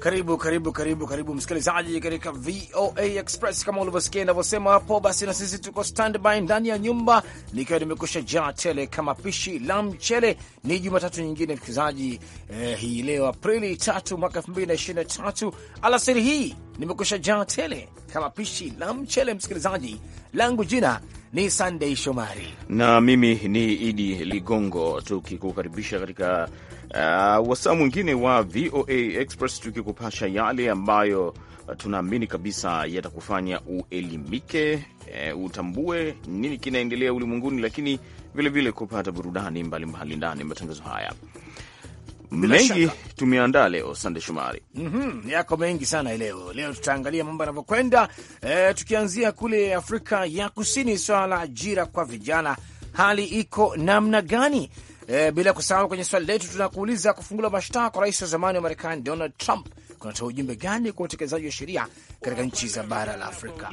Karibu karibu karibu karibu msikilizaji katika VOA Express. Kama ulivyosikia inavyosema hapo, basi na sisi tuko standby ndani ya nyumba, nikiwa nimekusha jaa tele kama pishi la mchele. Ni Jumatatu nyingine msikilizaji, eh, hii leo Aprili tatu mwaka elfu mbili na ishirini na tatu. Alasiri hii nimekusha jaa tele kama pishi la mchele msikilizaji, langu jina ni sandei Shomari na mimi ni Idi Ligongo, tukikukaribisha katika uh, wasaa mwingine wa VOA Express tukikupasha yale ambayo uh, tunaamini kabisa yatakufanya uelimike, uh, utambue nini kinaendelea ulimwenguni, lakini vilevile vile kupata burudani mbalimbali ndani matangazo haya. mengi tumeandaa leo, Sande Shumari. mm -hmm, yako mengi sana leo. Leo tutaangalia mambo yanavyokwenda, e, tukianzia kule Afrika ya Kusini, swala la ajira kwa vijana, hali iko namna gani? E, bila kusahau kwenye swali letu tunakuuliza kufungula mashtaka kwa rais wa zamani wa Marekani Donald Trump kunatoa ujumbe gani kwa utekelezaji wa sheria katika nchi za bara la Afrika?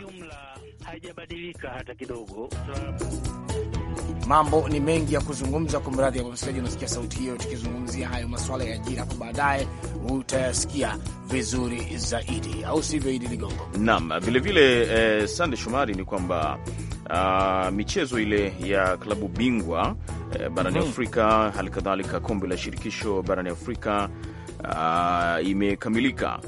Haijabadilika hata kidogo. Mambo ni mengi ya kuzungumza, kwa mradhi ya msikilizaji. Unasikia sauti hiyo, tukizungumzia hayo masuala ya ajira kwa baadaye, utayasikia vizuri zaidi, au sivyo, Idi Ligongo? Naam, vilevile eh, Sande Shomari, ni kwamba uh, michezo ile ya klabu bingwa eh, barani mm -hmm. Afrika, hali kadhalika kombe la shirikisho barani Afrika uh, imekamilika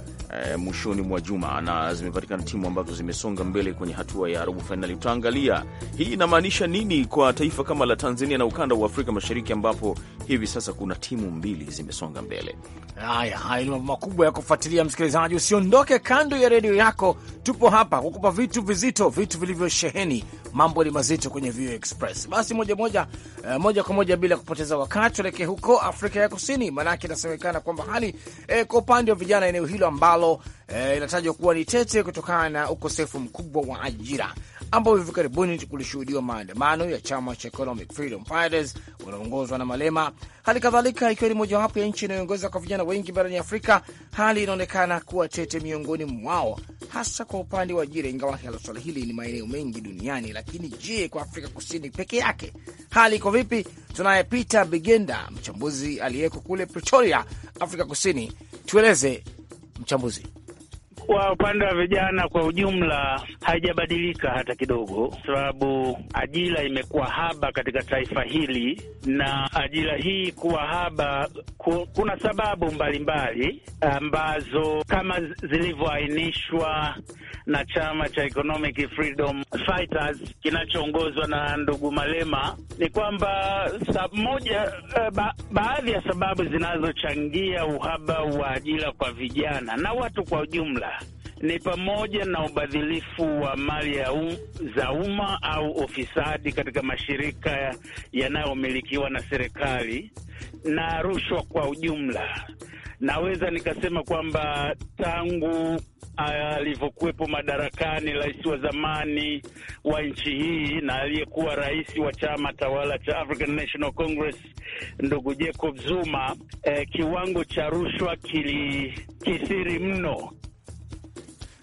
E, mwishoni mwa juma na zimepatikana timu ambazo zimesonga mbele kwenye hatua ya robo fainali. Utaangalia hii inamaanisha nini kwa taifa kama la Tanzania na ukanda wa Afrika Mashariki, ambapo hivi sasa kuna timu mbili zimesonga mbele. Haya, haya ni mambo makubwa ya kufuatilia. Msikilizaji, usiondoke kando ya redio yako, tupo hapa kukupa vitu vizito, vitu vilivyosheheni mambo ni mazito kwenye VOA Express. Basi moja moja, eh, moja kwa moja bila kupoteza wakati, tuelekee huko Afrika ya Kusini, maanake inasemekana kwamba hali eh, kwa upande wa vijana eneo hilo ambalo eh, inatajwa kuwa ni tete kutokana na ukosefu mkubwa wa ajira ambao hivi karibuni kulishuhudiwa maandamano ya chama cha Economic Freedom Fighters na Malema, hali kadhalika ikiwa ni mojawapo ya nchi inayoongoza kwa vijana wengi barani Afrika. Hali inaonekana kuwa tete miongoni mwao, hasa kwa upande wa ajira, ingawa hilo swala hili ni maeneo mengi duniani. Lakini je, kwa Afrika Kusini peke yake hali iko vipi? Tunaye Peter Bigenda, mchambuzi aliyeko kule Pretoria, Afrika Kusini. Tueleze mchambuzi. Kwa upande wa vijana kwa ujumla haijabadilika hata kidogo, sababu ajira imekuwa haba katika taifa hili, na ajira hii kuwa haba ku, kuna sababu mbalimbali ambazo kama zilivyoainishwa na chama cha Economic Freedom Fighters kinachoongozwa na ndugu Malema ni kwamba sababu moja, eh, ba baadhi ya sababu zinazochangia uhaba wa ajira kwa vijana na watu kwa ujumla ni pamoja na ubadhilifu wa mali ya um, za umma au ufisadi katika mashirika yanayomilikiwa na serikali na rushwa kwa ujumla naweza nikasema kwamba tangu ah, alivyokuwepo madarakani rais wa zamani wa nchi hii na aliyekuwa rais wa chama tawala cha African National Congress ndugu Jacob Zuma, eh, kiwango cha rushwa kilikithiri mno.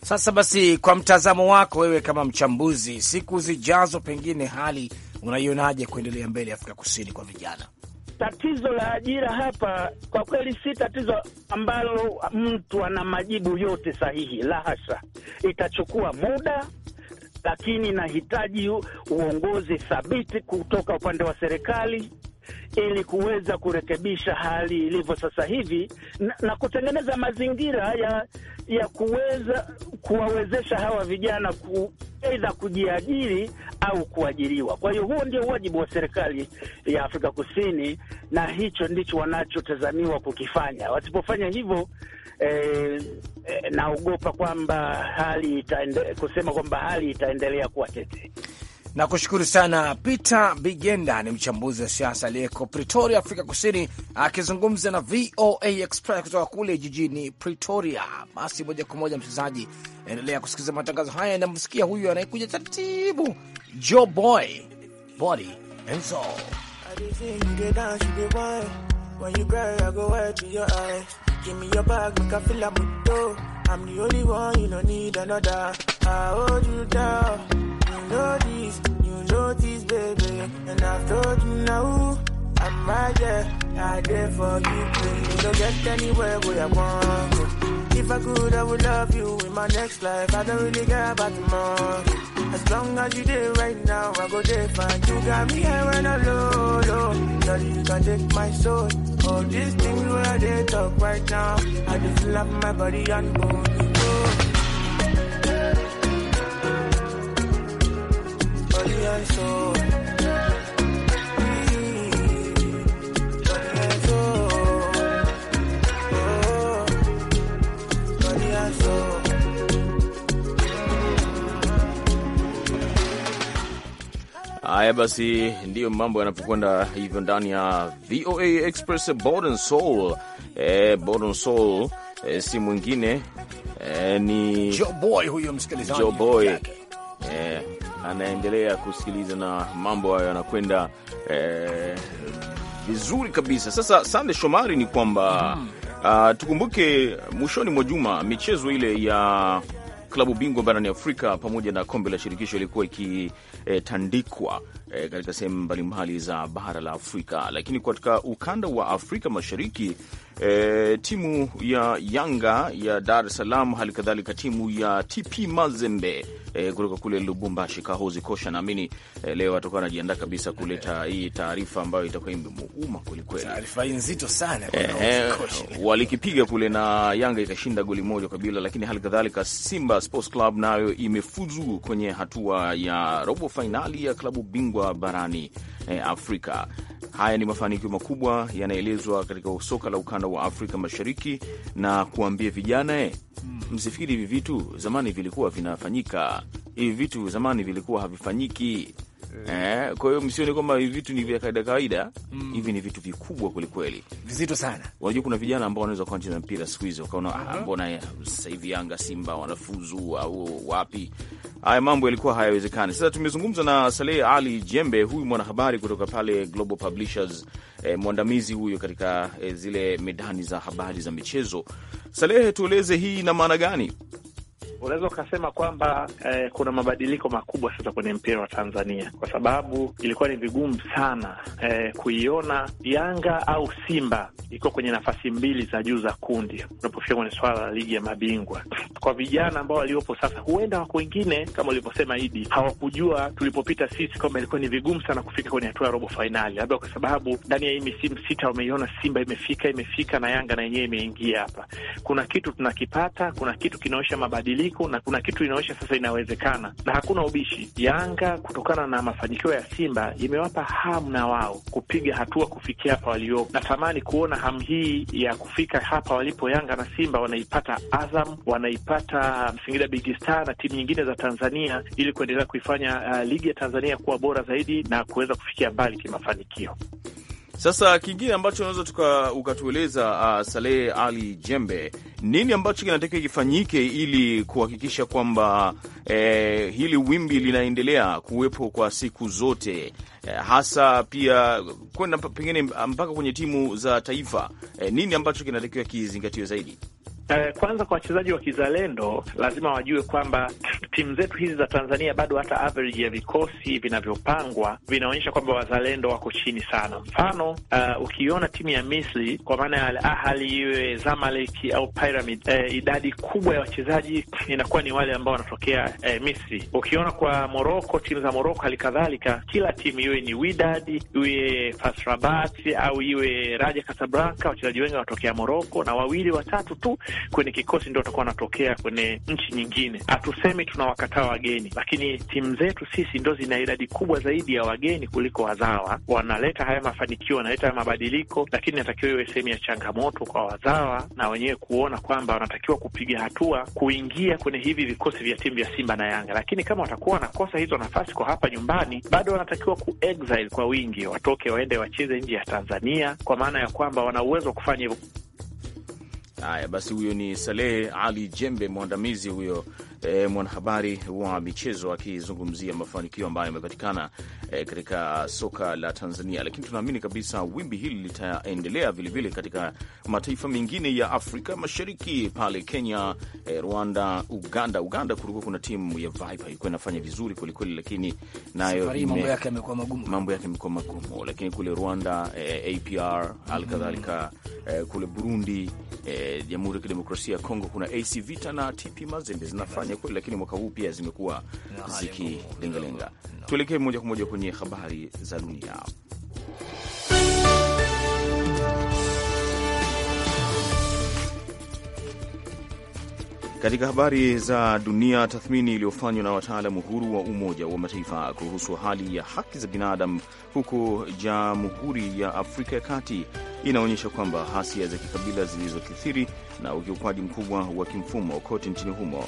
Sasa basi, kwa mtazamo wako wewe kama mchambuzi, siku zijazo, pengine hali unaionaje kuendelea mbele Afrika Kusini kwa vijana? tatizo la ajira hapa kwa kweli si tatizo ambalo mtu ana majibu yote sahihi, la hasha. Itachukua muda, lakini inahitaji uongozi thabiti kutoka upande wa serikali ili kuweza kurekebisha hali ilivyo sasa hivi na, na kutengeneza mazingira ya ya kuweza kuwawezesha hawa vijana ku aidha kujiajiri au kuajiriwa. Kwa hiyo huo ndio wajibu wa serikali ya Afrika Kusini, na hicho ndicho wanachotazamiwa kukifanya. Wasipofanya hivyo E, e, naogopa kwamba hali itaende, kusema kwamba hali itaendelea kuwa tete. Nakushukuru sana Peter Bigenda, ni mchambuzi wa siasa aliyeko Pretoria, Afrika Kusini, akizungumza na VOA Express kutoka kule jijini Pretoria. Basi moja kwa moja, msikilizaji, endelea kusikiliza matangazo haya. Namsikia huyu anayekuja taratibu, Jo Boy Body and Soul. know this, you know this, baby. And I've told you now, I'm right there. I there for you, please. don't get anywhere where I want to. If I could, I would love you in my next life. I don't really care about tomorrow. As long as you there right now, I go there fine. You got me here when I'm low, low. you can take my soul. All these things where they talk right now, I just love my body and bone. Haya basi, ndiyo mambo yanapokwenda hivyo ndani ya VOA Express. Borden Soul, eh, Borden Soul eh, si mwingine eh, ni Joe Boy huyo msikilizaji, Joe Boy eh, anaendelea kusikiliza na mambo hayo yanakwenda eh, vizuri kabisa. Sasa sande Shomari, ni kwamba uh, tukumbuke mwishoni mwa juma michezo ile ya klabu bingwa barani Afrika pamoja na kombe la shirikisho ilikuwa ikitandikwa eh, e, katika sehemu mbalimbali za bara la Afrika. Lakini katika ukanda wa Afrika Mashariki e, timu ya Yanga ya Dar es Salaam, hali kadhalika timu ya TP Mazembe e, kutoka kule Lubumbashi, Kahozi Kosha, naamini e, leo watakuwa wanajiandaa kabisa kuleta hii taarifa ambayo itakuwa imemuuma kwelikweli. Taarifa hii nzito sana e, walikipiga kule na Yanga ikashinda goli moja kwa bila, lakini hali kadhalika Simba Sports Club nayo imefuzu kwenye hatua ya robo fainali ya klabu bingwa barani eh, Afrika. Haya ni mafanikio makubwa yanaelezwa katika soka la ukanda wa Afrika Mashariki, na kuambia vijana eh, hmm. msifikiri hivi vitu zamani vilikuwa vinafanyika, hivi vitu zamani vilikuwa havifanyiki. Eh. eh, kwa hiyo msioni kwamba hivi vitu ni vya kawaida kawaida, mm. Hivi ni vitu vikubwa kwelikweli, vizito sana. Unajua kuna vijana ambao wanaweza kuwa wanacheza mpira siku hizi wakaona, uh ah, -huh. Mbona sasa hivi Yanga Simba wanafuzu au wapi? Haya mambo yalikuwa hayawezekani. Sasa tumezungumza na Saleh Ali Jembe, huyu mwanahabari kutoka pale Global Publishers, eh, mwandamizi huyo katika eh, zile medani za habari za michezo. Salehe, tueleze hii ina maana gani? unaweza ukasema kwamba eh, kuna mabadiliko makubwa sasa kwenye mpira wa Tanzania kwa sababu ilikuwa ni vigumu sana eh, kuiona Yanga au Simba iko kwenye nafasi mbili za juu za kundi unapofika kwenye swala la ligi ya mabingwa. Kwa vijana ambao waliopo sasa, huenda wako wengine kama ulivyosema Idi, hawakujua tulipopita sisi kwamba ilikuwa ni vigumu sana kufika kwenye hatua ya robo fainali, labda kwa sababu ndani ya hii misimu sita wameiona Simba imefika imefika na Yanga na yenyewe imeingia hapa. Kuna kitu tunakipata, kuna kitu kinaonyesha mabadiliko mabadiliko na kuna kitu inaonyesha sasa inawezekana na hakuna ubishi. Yanga kutokana na mafanikio ya Simba imewapa hamu na wao kupiga hatua kufikia hapa waliopo. Natamani kuona hamu hii ya kufika hapa walipo Yanga na Simba wanaipata Azam, wanaipata Singida Big Star na timu nyingine za Tanzania ili kuendelea kuifanya uh, ligi ya Tanzania kuwa bora zaidi na kuweza kufikia mbali kimafanikio. Sasa kingine ambacho unaweza ukatueleza, uh, Saleh Ali Jembe, nini ambacho kinatakiwa kifanyike ili kuhakikisha kwamba eh, hili wimbi linaendelea kuwepo kwa siku zote eh, hasa pia kwenda pengine mpaka kwenye timu za taifa eh, nini ambacho kinatakiwa kizingatiwe zaidi? Eh, kwanza kwa wachezaji wa kizalendo lazima wajue kwamba timu zetu hizi za Tanzania bado hata average ya vikosi vinavyopangwa vinaonyesha kwamba wazalendo wako chini sana. Mfano uh, ukiona timu ya Misri kwa maana ya ahali iwe Zamalek au Pyramid, uh, idadi kubwa ya wachezaji inakuwa ni wale ambao wanatokea uh, Misri. Ukiona kwa Moroko, timu za Moroko hali kadhalika, kila timu iwe ni Widad iwe Fas Rabat au iwe Raja Casablanca, wachezaji wengi wanatokea Moroko na wawili watatu tu kwenye kikosi ndio watakuwa wanatokea kwenye nchi nyingine. Hatusemi tunawakataa wageni, lakini timu zetu sisi ndo zina idadi kubwa zaidi ya wageni kuliko wazawa. Wanaleta haya mafanikio, wanaleta haya mabadiliko, lakini inatakiwa iwe sehemu ya changamoto kwa wazawa na wenyewe kuona kwamba wanatakiwa kupiga hatua kuingia kwenye hivi vikosi vya timu vya Simba na Yanga. Lakini kama watakuwa wanakosa hizo nafasi kwa hapa nyumbani, bado wanatakiwa ku exile kwa wingi, watoke waende wacheze nje ya Tanzania, kwa maana ya kwamba wana uwezo wa kufanya hivyo. Haya basi, huyo ni Saleh Ali Jembe, mwandamizi huyo e, mwanahabari wa michezo akizungumzia mafanikio ambayo yamepatikana e, katika soka la Tanzania, lakini tunaamini kabisa wimbi hili litaendelea vilevile katika mataifa mengine ya Afrika Mashariki, pale Kenya, e, Rwanda, Uganda. Uganda kulikuwa kuna timu ya Viper ilikuwa inafanya vizuri kwelikweli, lakini nayo mambo yake yamekuwa magumu, mambo yake yamekuwa magumu. Lakini kule Rwanda e, APR hali kadhalika e, kule Burundi, e, Jamhuri e, ya Kidemokrasia ya Kongo kuna AC Vita na TP Mazembe zinafanya kufanya kweli, lakini mwaka huu pia zimekuwa zikilengalenga. Tuelekee moja kwa moja kwenye habari za dunia. Katika habari za dunia, tathmini iliyofanywa na wataalamu huru wa Umoja wa Mataifa kuhusu hali ya haki za binadamu huko Jamhuri ya Afrika ya Kati inaonyesha kwamba hasia za kikabila zilizokithiri na ukiukwaji mkubwa wa kimfumo kote nchini humo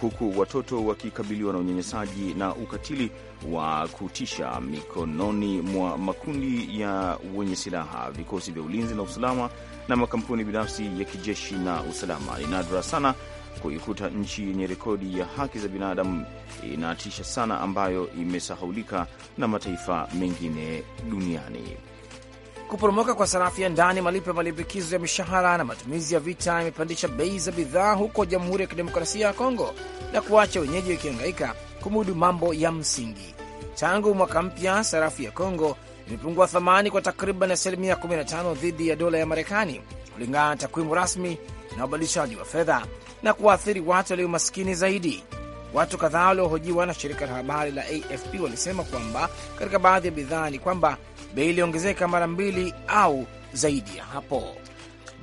huku watoto wakikabiliwa na unyanyasaji na ukatili wa kutisha mikononi mwa makundi ya wenye silaha, vikosi vya ulinzi na usalama na makampuni binafsi ya kijeshi na usalama. Ni nadra sana kuikuta nchi yenye rekodi ya haki za binadamu inatisha sana, ambayo imesahaulika na mataifa mengine duniani. Kuporomoka kwa sarafu ya ndani, malipo ya malimbikizo ya mishahara na matumizi ya vita yamepandisha bei za bidhaa huko Jamhuri ya Kidemokrasia ya Kongo na kuacha wenyeji wakihangaika kumudu mambo ya msingi. Tangu mwaka mpya, sarafu ya Kongo imepungua thamani kwa takriban asilimia 15 dhidi ya dola ya Marekani kulingana na takwimu rasmi na ubadilishaji wa fedha na kuwaathiri watu walio masikini zaidi. Watu kadhaa waliohojiwa na shirika la habari la AFP walisema kwamba katika baadhi ya bidhaa ni kwamba bei iliongezeka mara mbili au zaidi ya hapo.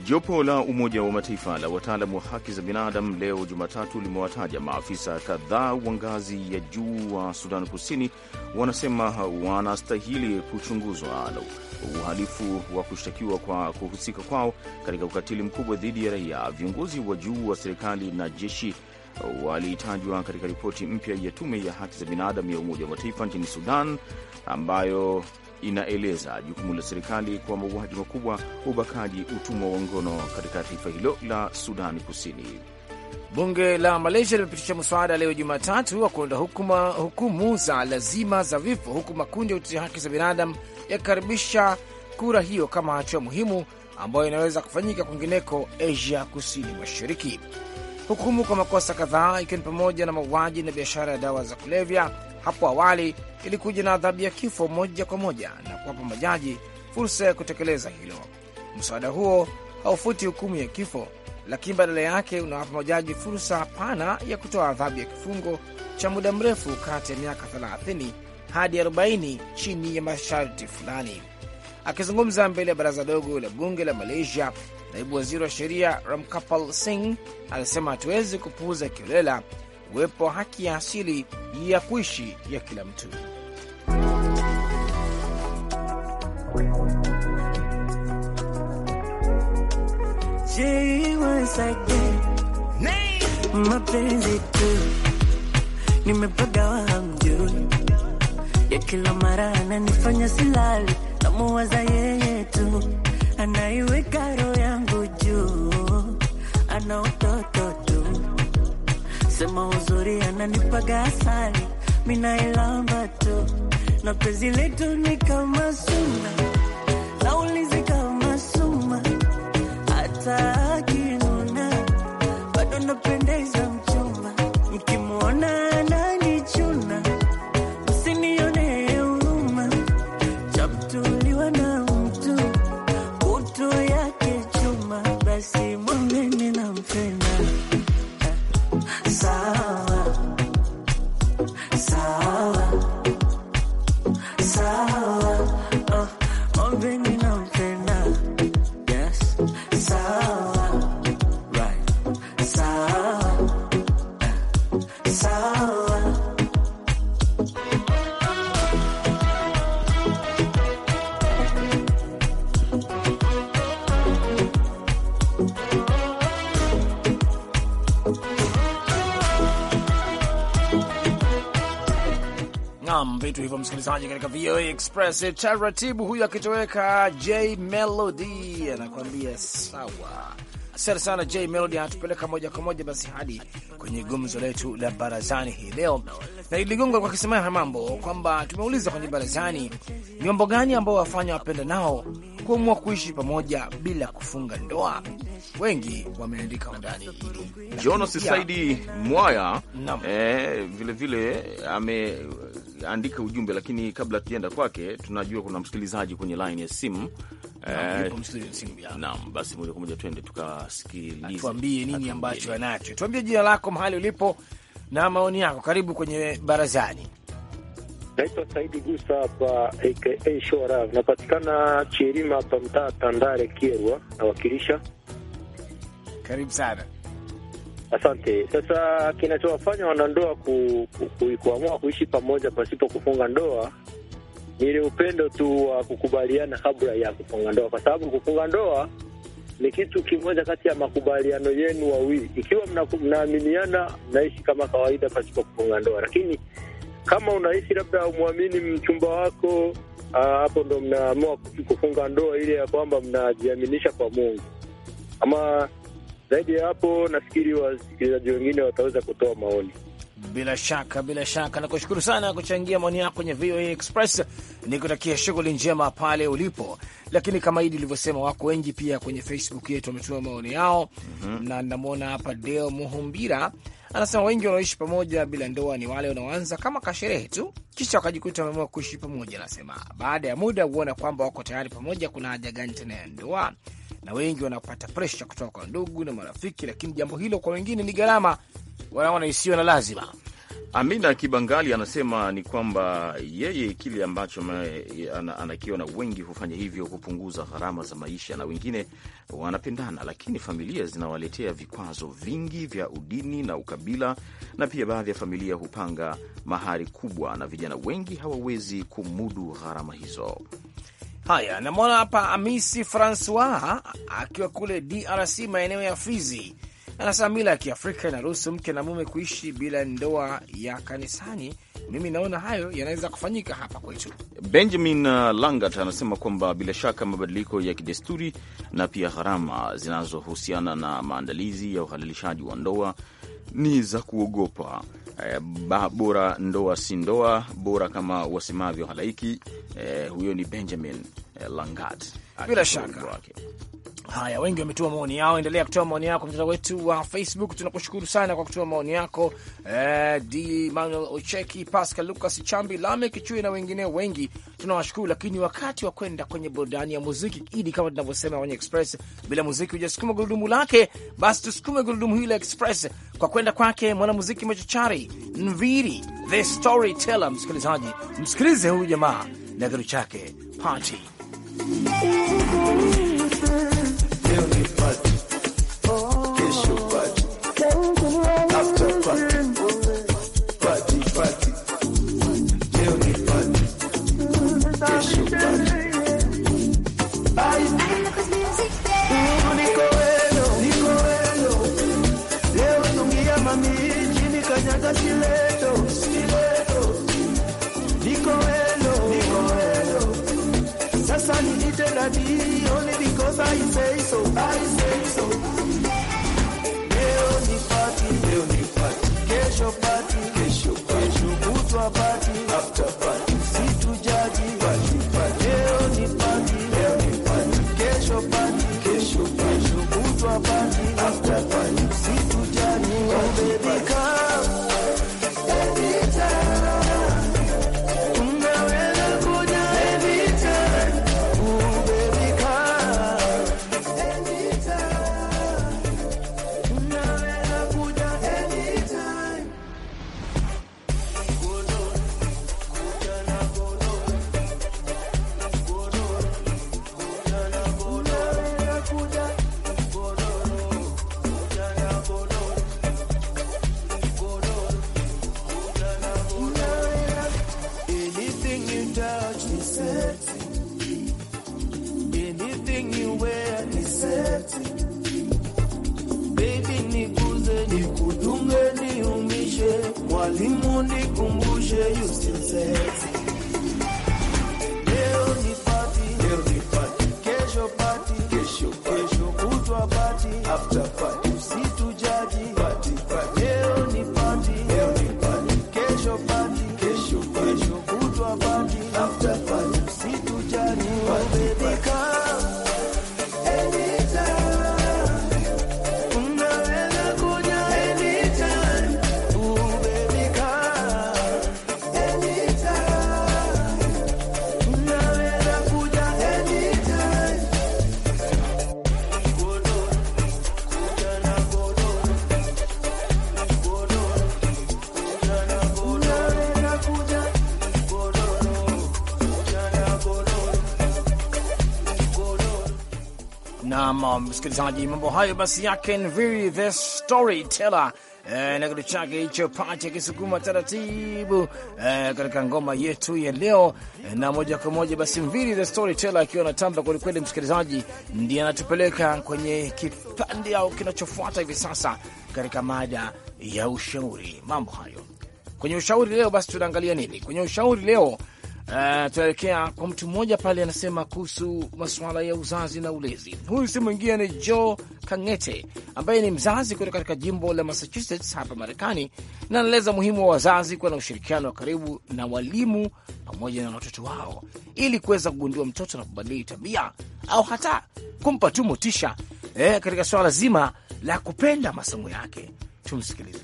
Jopo la Umoja wa Mataifa la wataalamu wa haki za binadamu leo Jumatatu limewataja maafisa kadhaa wa ngazi ya juu wa Sudan Kusini, wanasema wanastahili kuchunguzwa uhalifu wa kushtakiwa kwa kuhusika kwao katika ukatili mkubwa dhidi ya raia. Viongozi wa juu wa serikali na jeshi walitajwa katika ripoti mpya ya tume ya haki za binadamu ya Umoja wa Mataifa nchini Sudan ambayo inaeleza jukumu la serikali kwa mauaji makubwa, ubakaji, utumwa wa ngono katika taifa hilo la sudani Kusini. Bunge la Malaysia limepitisha mswada leo Jumatatu wa kuondoa hukumu za lazima za vifo, huku makundi ya utetea haki za binadamu yakikaribisha kura hiyo kama hatua muhimu ambayo inaweza kufanyika kwingineko Asia kusini mashariki. Hukumu kwa makosa kadhaa ikiwa ni pamoja na mauaji na biashara ya dawa za kulevya hapo awali ilikuja na adhabu ya kifo moja kwa moja na kuwapa majaji fursa ya kutekeleza hilo. Mswada huo haufuti hukumu ya kifo, lakini badala yake unawapa majaji fursa pana ya kutoa adhabu ya kifungo cha muda mrefu kati ya miaka 30 hadi 40 chini ya masharti fulani. Akizungumza mbele ya baraza dogo la bunge la Malaysia, naibu waziri wa sheria Ramkapal Singh alisema hatuwezi kupuuza kiolela kuwepo haki ya asili ya kuishi ya kila mtu. Mapenzi tu nimepaga wangu ya kila mara ananifanya silali, namuwaza yeye tu, anaiweka roho yangu juu, ana utoto sema uzuri ananipaga asali, minailamba tu na pezi letu ni kama suna naulizi kama suma hata akinuna bado napendeza mchumba na msikilizaji katika VOA Express e, taratibu. Huyu akitoweka J Melody anakuambia sawa. Asante sana J Melody, anatupeleka moja kwa moja basi hadi kwenye gumzo letu la barazani hii leo, na iligonga kwa kisema haya mambo kwamba tumeuliza kwenye barazani, ni mambo gani ambao wafanya wapenda nao kuamua kuishi pamoja bila kufunga ndoa. Wengi wameandika ndani hili. Jonas Saidi Mwaya vilevile eh, ame andika ujumbe, lakini kabla tujaenda kwake, tunajua kuna msikilizaji kwenye line ya simu. Naam, eh, basi moja kwa moja tuende tukasikilize, tuambie nini ambacho anacho, tuambie jina lako, mahali ulipo na maoni yako. Karibu kwenye barazani. Naitwa Saidi Gusa hapa aka Shora, napatikana Chirima hapa mtaa Tandare Kierwa, nawakilisha. Karibu sana. Asante. Sasa kinachowafanya wanandoa ku, ku, ku, kuamua kuishi pamoja pasipo kufunga ndoa ni ile upendo tu wa kukubaliana kabla ya kufunga ndoa, kwa sababu kufunga ndoa ni kitu kimoja kati ya makubaliano yenu wawili. Ikiwa mnaaminiana, mnaishi kama kawaida pasipo kufunga ndoa, lakini kama unaishi labda umwamini mchumba wako ah, hapo, ndo mnaamua kufunga ndoa ile ya kwamba mnajiaminisha kwa Mungu ama zaidi ya hapo, nafikiri wasikilizaji wengine wataweza kutoa maoni. Bila shaka, bila shaka, nakushukuru sana kuchangia maoni yako kwenye VOA Express. Nikutakia shughuli njema pale ulipo, lakini kama hidi ilivyosema wako wengi pia kwenye Facebook yetu wametuma maoni yao. mm -hmm. na namwona hapa Deo Muhumbira Anasema wengi wanaoishi pamoja bila ndoa ni wale wanaoanza kama kasherehe tu, kisha wakajikuta wameamua kuishi pamoja. Anasema baada ya muda huona kwamba wako tayari pamoja, kuna haja gani tena ya ndoa? Na wengi wanapata presha kutoka kwa ndugu na marafiki, lakini jambo hilo kwa wengine ni gharama, wanaona isiyo na lazima. Amina Kibangali anasema ni kwamba yeye kile ambacho anakiona, wengi hufanya hivyo kupunguza gharama za maisha, na wengine wanapendana, lakini familia zinawaletea vikwazo vingi vya udini na ukabila, na pia baadhi ya familia hupanga mahari kubwa, na vijana wengi hawawezi kumudu gharama hizo. Haya, namwona hapa Amisi Francois akiwa kule DRC maeneo ya Fizi Anasema mila ya Kiafrika inaruhusu mke na mume kuishi bila ndoa ya kanisani. Mimi naona hayo yanaweza kufanyika hapa kwetu. Benjamin uh, Langat anasema kwamba bila shaka mabadiliko ya kidesturi na pia gharama zinazohusiana na maandalizi ya uhalalishaji wa ndoa ni za kuogopa. E, bora ndoa si ndoa, bora kama wasemavyo halaiki. Eh, huyo ni Benjamin eh, Langat bila shaka wake. Haya, wengi wametuma maoni yao. Endelea kutoa maoni yako mtandao wetu wa Facebook. Tunakushukuru sana kwa kutoa maoni yako. Eh, D Manuel Ocheki, Pascal Lucas Chambi, Lame Kichui na wengine wengi, tunawashukuru. Lakini wakati wa kwenda kwenye burudani ya muziki, Idi, kama tunavyosema kwenye Express, bila muziki hujasukuma gurudumu lake, basi tusukume gurudumu hili la Express kwa kwenda kwake mwanamuziki machachari Nviri the Storyteller. Msikilizaji, msikilize huyu jamaa na kitu chake party you. msikilizaji. Mambo hayo basi yake Nviri the Storyteller eh, na kitu chake hicho pati akisukuma taratibu eh, katika ngoma yetu ya leo eh, na moja kwa moja basi Mviri the Storyteller akiwa anatamba kwelikweli, msikilizaji, ndiye anatupeleka kwenye kipande au kinachofuata hivi sasa katika mada ya ushauri. Mambo hayo kwenye ushauri leo, basi tunaangalia nini kwenye ushauri leo? Uh, ah, tunaelekea kwa mtu mmoja pale anasema kuhusu masuala ya uzazi na ulezi. Huyu si mwingine ni Joe Kangete ambaye ni mzazi kutoka katika jimbo la Massachusetts hapa Marekani, na anaeleza muhimu wa wazazi kuwa na ushirikiano wa karibu na walimu pamoja na watoto wao ili kuweza kugundua mtoto na kubadili tabia au hata kumpa tu motisha eh, katika swala zima la kupenda masomo yake. Tumsikilize.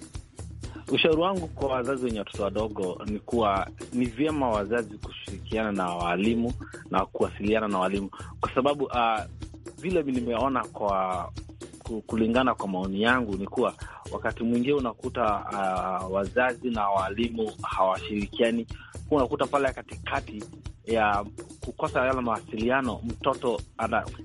Ushauri wangu kwa wazazi wenye watoto wadogo ni kuwa ni vyema wazazi kushirikiana na waalimu na kuwasiliana na waalimu, kwa sababu uh, vile nimeona kwa kulingana kwa maoni yangu ni kuwa wakati mwingine unakuta uh, wazazi na waalimu hawashirikiani, unakuta pale katikati ya kukosa yale mawasiliano, mtoto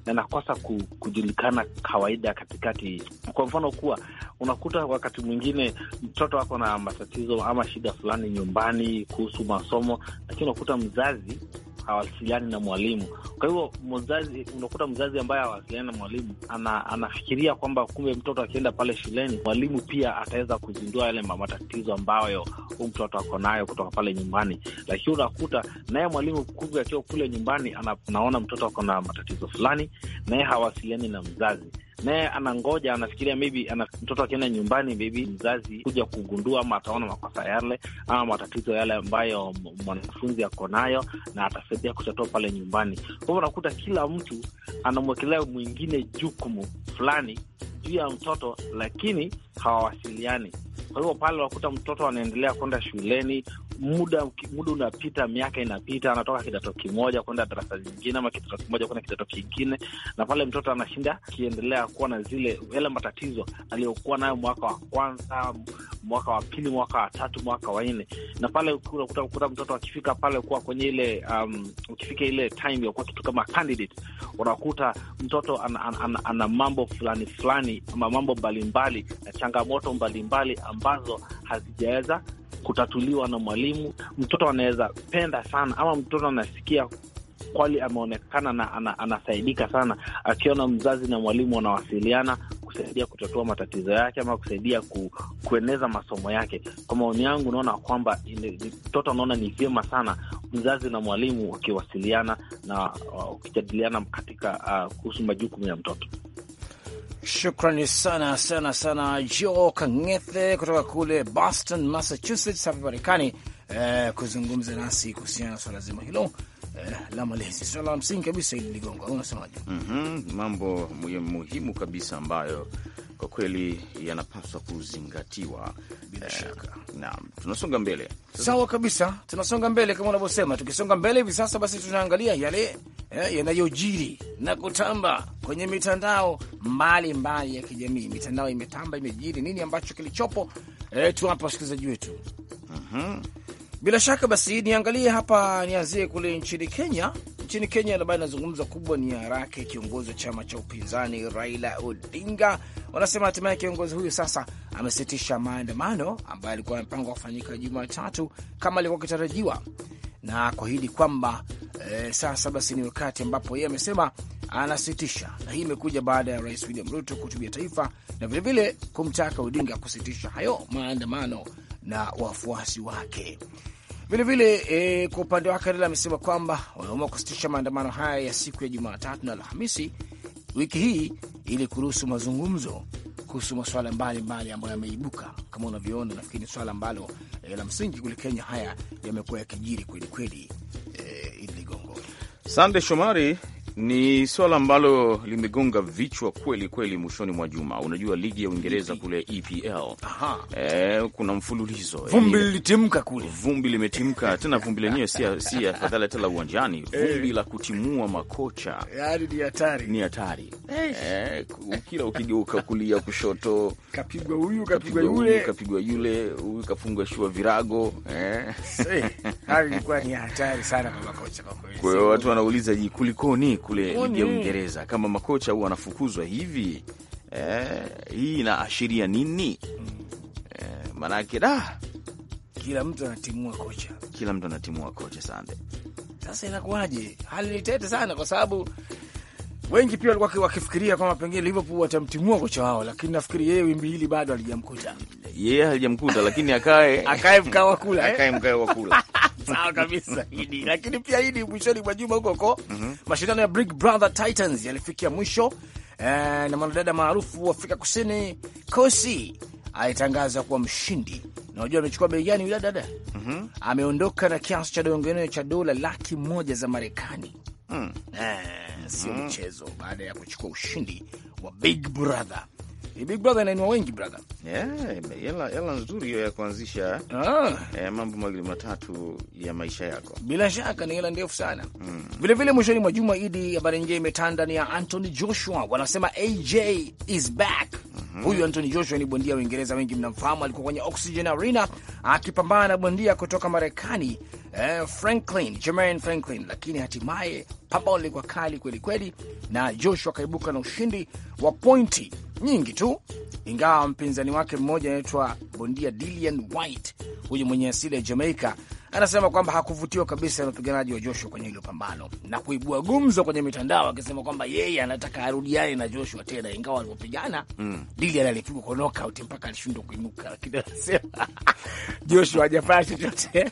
anakosa kujulikana kawaida katikati. Kwa mfano kuwa unakuta wakati mwingine mtoto ako na matatizo ama shida fulani nyumbani kuhusu masomo, lakini unakuta mzazi hawasiliani na mwalimu. Kwa hivyo mzazi, unakuta mzazi ambaye hawasiliani na mwalimu ana, anafikiria kwamba kumbe mtoto akienda pale shuleni mwalimu pia ataweza kuzindua yale matatizo ambayo huu mtoto ako nayo kutoka pale nyumbani, lakini unakuta naye mwalimu kumbe akiwa kule nyumbani anaona mtoto ako na matatizo fulani, naye hawasiliani na mzazi naye anangoja, anafikiria maybe ana mtoto akienda nyumbani, maybe mzazi kuja kugundua ama ataona makosa yale ama matatizo yale ambayo mwanafunzi ako nayo, na atasaidia kutatua pale nyumbani. Kwa hivyo unakuta kila mtu anamwekelea mwingine jukumu fulani juu ya mtoto, lakini hawawasiliani. Kwa hivyo pale unakuta mtoto anaendelea kwenda shuleni, muda muda unapita, miaka inapita, anatoka kidato kimoja kwenda darasa zingine ama kidato kimoja kwenda kidato kingine, na pale mtoto anashinda akiendelea kuwa na zile yale matatizo aliyokuwa nayo mwaka wa kwanza, mwaka wa pili, mwaka wa tatu, mwaka wa nne, na pale unakuta mtoto akifika pale kuwa kwenye ile um, ukifika ile time ya kuwa kitu kama candidate, unakuta mtoto ana, ana, ana, ana mambo fulani fulani ama mambo mbalimbali na changamoto mbalimbali ambazo hazijaweza kutatuliwa na mwalimu. Mtoto anaweza penda sana, ama mtoto anasikia kwali ameonekana na ana, anasaidika sana akiona mzazi na mwalimu wanawasiliana kusaidia kutatua matatizo yake ama kusaidia ku, kueneza masomo yake. Kwa maoni yangu, naona kwamba mtoto anaona ni vyema sana mzazi na mwalimu wakiwasiliana na uh, wakijadiliana uh, katika uh, kuhusu majukumu ya mtoto. Shukrani sana sana sana Jo Kangethe kutoka kule Boston, Massachusetts, hapa Marekani, eh, kuzungumza nasi kuhusiana na swala zima hilo eh, la malezi, swala la msingi kabisa. Ili Ligongo, unasemaje? mm -hmm. mambo muhimu kabisa ambayo kwa kweli yanapaswa kuzingatiwa bila eh, shaka. Naam, tunasonga mbele. Sawa kabisa, tunasonga mbele kama unavyosema. Tukisonga mbele hivi sasa, basi tunaangalia yale eh, yanayojiri na kutamba kwenye mitandao mbalimbali mbali ya kijamii. Mitandao imetamba, imejiri nini ambacho kilichopo, eh, tuwapa wasikilizaji wetu uh mhm. -huh. Bila shaka basi niangalie hapa, nianzie kule nchini Kenya Nchini Kenya ambayo inazungumzwa kubwa ni harake kiongozi wa chama cha upinzani Raila Odinga. Wanasema hatimaye kiongozi huyu sasa amesitisha maandamano ambayo alikuwa amepangwa kufanyika Jumatatu kama alikuwa akitarajiwa, na kuahidi kwamba e, sasa basi ni wakati ambapo yeye amesema anasitisha, na hii imekuja baada ya Rais William Ruto kuhutubia taifa na vilevile kumtaka Odinga kusitisha hayo maandamano na wafuasi wake. Vilevile e, kwa upande wake Adela amesema kwamba wameamua kusitisha maandamano haya ya siku ya Jumatatu na Alhamisi wiki hii ili kuruhusu mazungumzo kuhusu masuala mbalimbali ambayo yameibuka. Kama unavyoona, nafikiri ni swala ambalo e, la msingi kule Kenya. Haya yamekuwa yakijiri kwelikweli, e, Idi Ligongo, Sande Shomari. Ni swala ambalo limegonga vichwa kweli kweli mwishoni mwa juma. Unajua ligi ya Uingereza kule EPL e, kuna mfululizo, e, vumbi litimka kule, vumbi limetimka tena, vumbi lenyewe si afadhali hata la uwanjani, eh. vumbi la kutimua makocha yaani ni hatari eh. e, kila ukigeuka kulia kushoto, kapigwa huyu kapigwa yule, kapigwa yule huyu, shua virago e. Eh, kwa hiyo watu wanauliza kulikoni kule ligi ya Uingereza, kama makocha huwa wanafukuzwa hivi eh, hii inaashiria nini? Eh, maanake da kila mtu anatimua kocha, kila mtu anatimua kocha. Sande, sasa inakuwaje? Hali ni tete sana, kwa sababu wengi pia walikuwa wakifikiria kwamba pengine Liverpool watamtimua kocha wao, lakini nafikiri yeye wimbi hili bado halijamkuta yeye, yeah, halijamkuta lakini akae akae mkaa wakula eh? akae mkaa wakula sawa kabisa hidi. Lakini pia hidi, mwishoni mwa juma huko huko mhm. mashindano ya Big Brother Titans yalifikia mwisho eh, na mwanadada maarufu wa Afrika Kusini Kosi alitangaza kuwa mshindi. unajua amechukua bei gani yule dada? mm -hmm. ameondoka na kiasi cha dongeno cha dola laki moja za Marekani. mm. Eh, sio mchezo, mm. baada ya kuchukua ushindi wa Big Brother Big Brother inainua wengi brother. yela, yela nzuri hiyo ya kuanzisha eh? ah, eh, mambo mawili matatu ya maisha yako, bila shaka ni hela ndefu sana mm. Vilevile mwishoni mwa juma idi, habari nyingine imetanda ni ya Anthony Joshua, wanasema AJ is back Mm-hmm. Huyu Anthony Joshua ni bondia wa Uingereza, wengi mnamfahamu, alikuwa kwenye Oxygen Arena akipambana na bondia kutoka Marekani eh, Franklin Jermaine Franklin, lakini hatimaye pambano lilikuwa kali kweli kweli, na Joshua akaibuka na ushindi wa pointi nyingi tu, ingawa mpinzani wake mmoja anaitwa bondia Dillian White, huyu mwenye asili ya Jamaica anasema kwamba hakuvutiwa kabisa na upiganaji wa Joshua kwenye hilo pambano na kuibua gumzo kwenye mitandao, akisema kwamba yeye anataka arudiane na Joshua tena, ingawa alipopigana mm. Dili alipigwa kwa nokauti mpaka alishindwa kuinuka, lakini anasema Joshua hajafanya chochote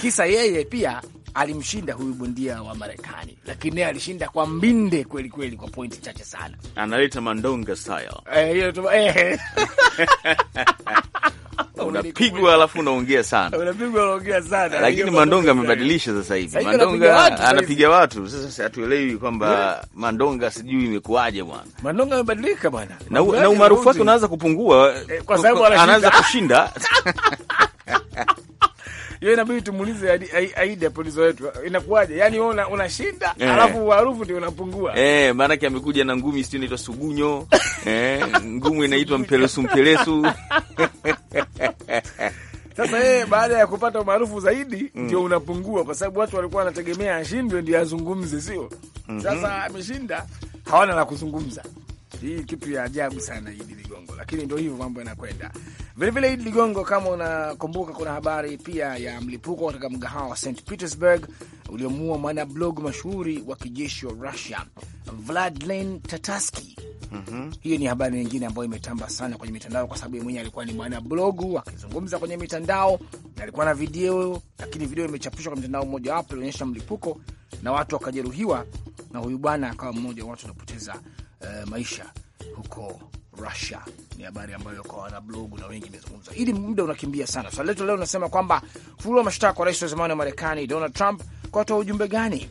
kisa yeye pia alimshinda huyu bondia wa Marekani, lakini naye alishinda kwa mbinde kweli kweli, kwa pointi chache sana. Analeta mandonga style eh, hiyo eh unapigwa alafu unaongea sana, unapigwa unaongea sana. Lakini Mandonga amebadilisha sasa hivi, Mandonga anapiga watu sasa, hatuelewi kwamba Mandonga sijui imekuaje bwana. Mandonga amebadilika bwana, na umaarufu wake unaanza kupungua, eh, anaanza kushinda hiyo inabidi tumuulize Aida polisi wetu, inakuwaje? Yani wewe unashinda eh, alafu harufu ndio unapungua eh, maana yake amekuja na ngumi sio, inaitwa sugunyo eh, ngumu inaitwa mpelesu mpelesu Sasa yeye baada ya kupata umaarufu zaidi mm, unapungua, kwa sababu watu walikuwa wanategemea ashindwe ndio azungumze, sio? Mhm. Sasa ameshinda, hawana la kuzungumza. Hii kitu ya ajabu sana, Idi Ligongo, lakini ndio hivyo mambo yanakwenda vilevile. Idi Ligongo, kama unakumbuka, kuna habari pia ya mlipuko katika mgahawa wa St Petersburg uliomuua mwana blog mashuhuri wa kijeshi wa Russia Vladlen Tatarsky. Mm -hmm. Hiyo ni habari nyingine ambayo imetamba sana kwenye mitandao kwa sababu mwenyewe alikuwa ni mwana blogu akizungumza kwenye mitandao na alikuwa na video, lakini video imechapishwa kwenye mitandao mmoja wapo ilionyesha mlipuko na watu wakajeruhiwa, na huyu bwana akawa mmoja wa watu wanapoteza Eh, maisha huko Russia. Ni habari ambayo kwa wanablogu na wengi imezungumza. Ili muda unakimbia sana, swali letu leo unasema kwamba kufunguliwa mashtaka kwa rais wa zamani wa Marekani Donald Trump kwatoa ujumbe gani?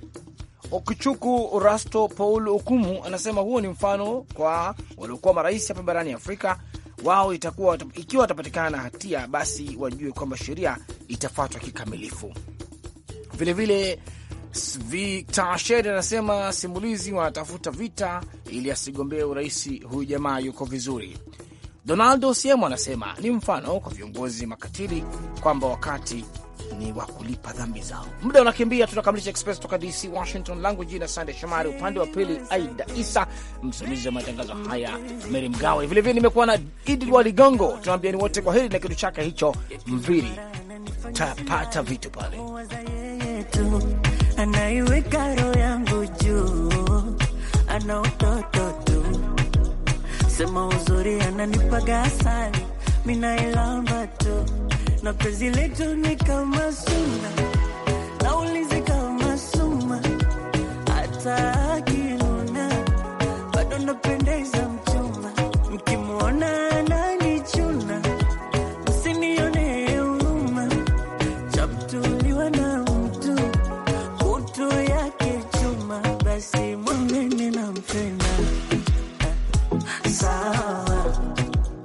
Okichuku Rasto Paul Okumu anasema huo ni mfano kwa waliokuwa marais hapa barani Afrika. Wao itakuwa ikiwa watapatikana na hatia, basi wajue kwamba sheria itafuatwa kikamilifu. Vilevile Tashed anasema simulizi wanatafuta vita ili asigombee urais, huyu jamaa yuko vizuri. Donaldo Siemo anasema ni mfano kwa viongozi makatili kwamba wakati ni wa kulipa dhambi zao. Muda unakimbia, tunakamilisha Express toka DC Washington. langu jina Sande Shomari, upande wa pili Aida Isa, msimamizi wa matangazo haya Meri Mgawe, vilevile nimekuwa na Idwa Ligongo. Tunaambiani wote kwa heri na kitu chake hicho mviri tapata vitu pale anaiweka roho yangu juu, ana utoto tu, sema uzuri ananipaga asali, minailamba tu, na penzi letu ni kama suna, naulizi kama suma, hata akiluna bado napendeza mchuma, mkimwona